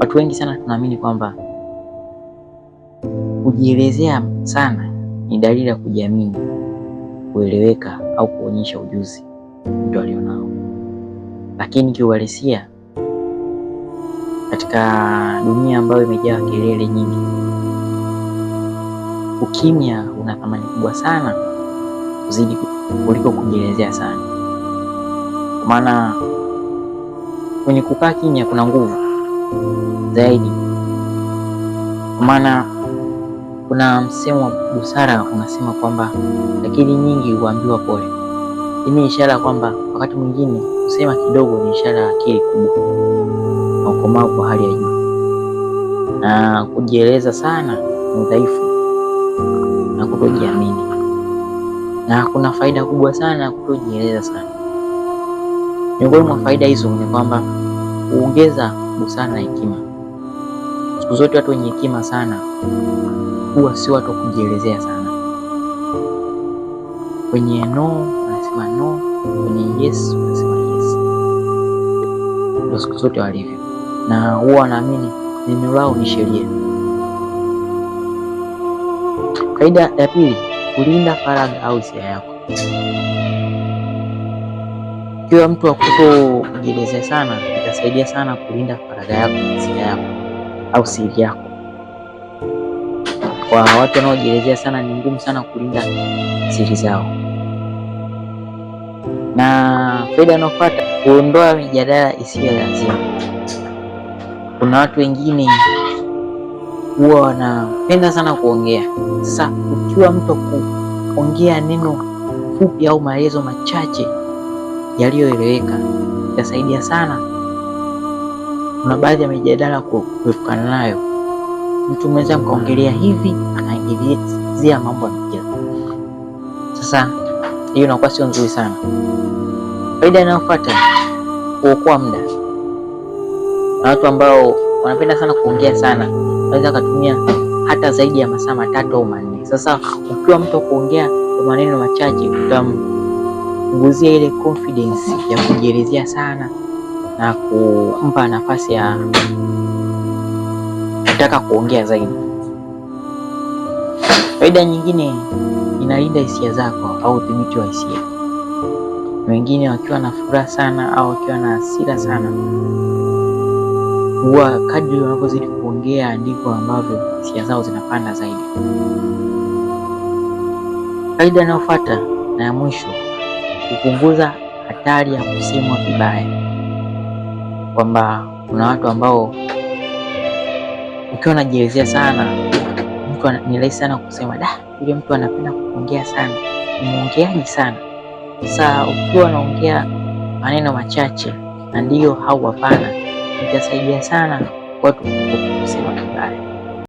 Watu wengi sana tunaamini kwamba kujielezea sana ni dalili ya kujiamini, kueleweka au kuonyesha ujuzi mtu alionao, lakini kiuhalisia, katika dunia ambayo imejaa kelele nyingi, ukimya una thamani kubwa sana kuzidi kuliko kujielezea sana, kwa maana kwenye kukaa kimya kuna nguvu zaidi, kwa maana kuna msemo wa busara unasema kwamba akili nyingi huambiwa pole. Hii ni ishara kwamba wakati mwingine kusema kidogo ni ishara ya akili kubwa na ukomavu kwa hali ya juu, na kujieleza sana ni udhaifu na kutojiamini, na kuna faida kubwa sana kutojieleza sana. Miongoni mwa faida hizo ni kwamba huongeza busara na hekima. Siku zote watu wenye hekima sana huwa si watu wa kujielezea sana. Kwenye no wanasema no, kwenye yes wanasema yes, ndio siku zote walivyo, na huwa wanaamini neno lao ni sheria. Faida ya pili, kulinda faragha au hisia yako. Kiwa mtu wa kutojielezea sana itasaidia sana kulinda faragha yako na siri yako au siri yako. Kwa watu wanaojielezea sana, ni ngumu sana kulinda siri zao. Na faida anaopata kuondoa mijadala isiyo lazima. Kuna watu wengine huwa wanapenda sana kuongea. Sasa ukiwa mtu kuongea neno fupi au maelezo machache yaliyoeleweka itasaidia sana kuna baadhi ya mijadala kuepukana nayo, mtu mweza kaongelea hivi, anaingilizia mambo ya mijadala. Sasa hiyo inakuwa sio nzuri sana. Faida inayofuata kuokoa muda, na watu ambao wanapenda sana kuongea sana wanaweza kutumia hata zaidi ya masaa matatu au manne. Sasa ukiwa mtu kuongea kwa maneno machache, utamguzia ile confidence ya kujielezea sana na kumpa nafasi ya kutaka kuongea zaidi. Faida nyingine inalinda hisia zako au udhibiti wa hisia. Wengine wakiwa na furaha sana au wakiwa na hasira sana, huwa kadri wanavyozidi kuongea ndivyo ambavyo hisia zao zinapanda zaidi. Faida inayofuata na ya mwisho, kupunguza hatari ya kusemwa vibaya kwamba kuna watu ambao ukiwa unajielezea sana, mtu ni rahisi sana kusema da, yule mtu anapenda kuongea sana, mwongeaji sana. Sasa ukiwa unaongea maneno machache na ndiyo au hapana, itasaidia sana watu kusema